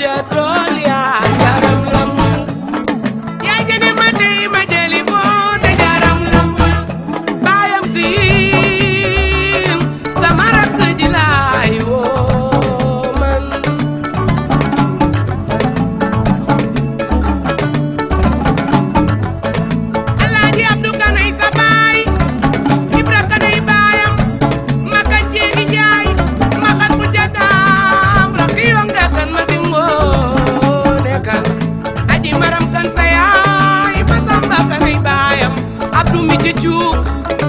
Jadon. dumi ci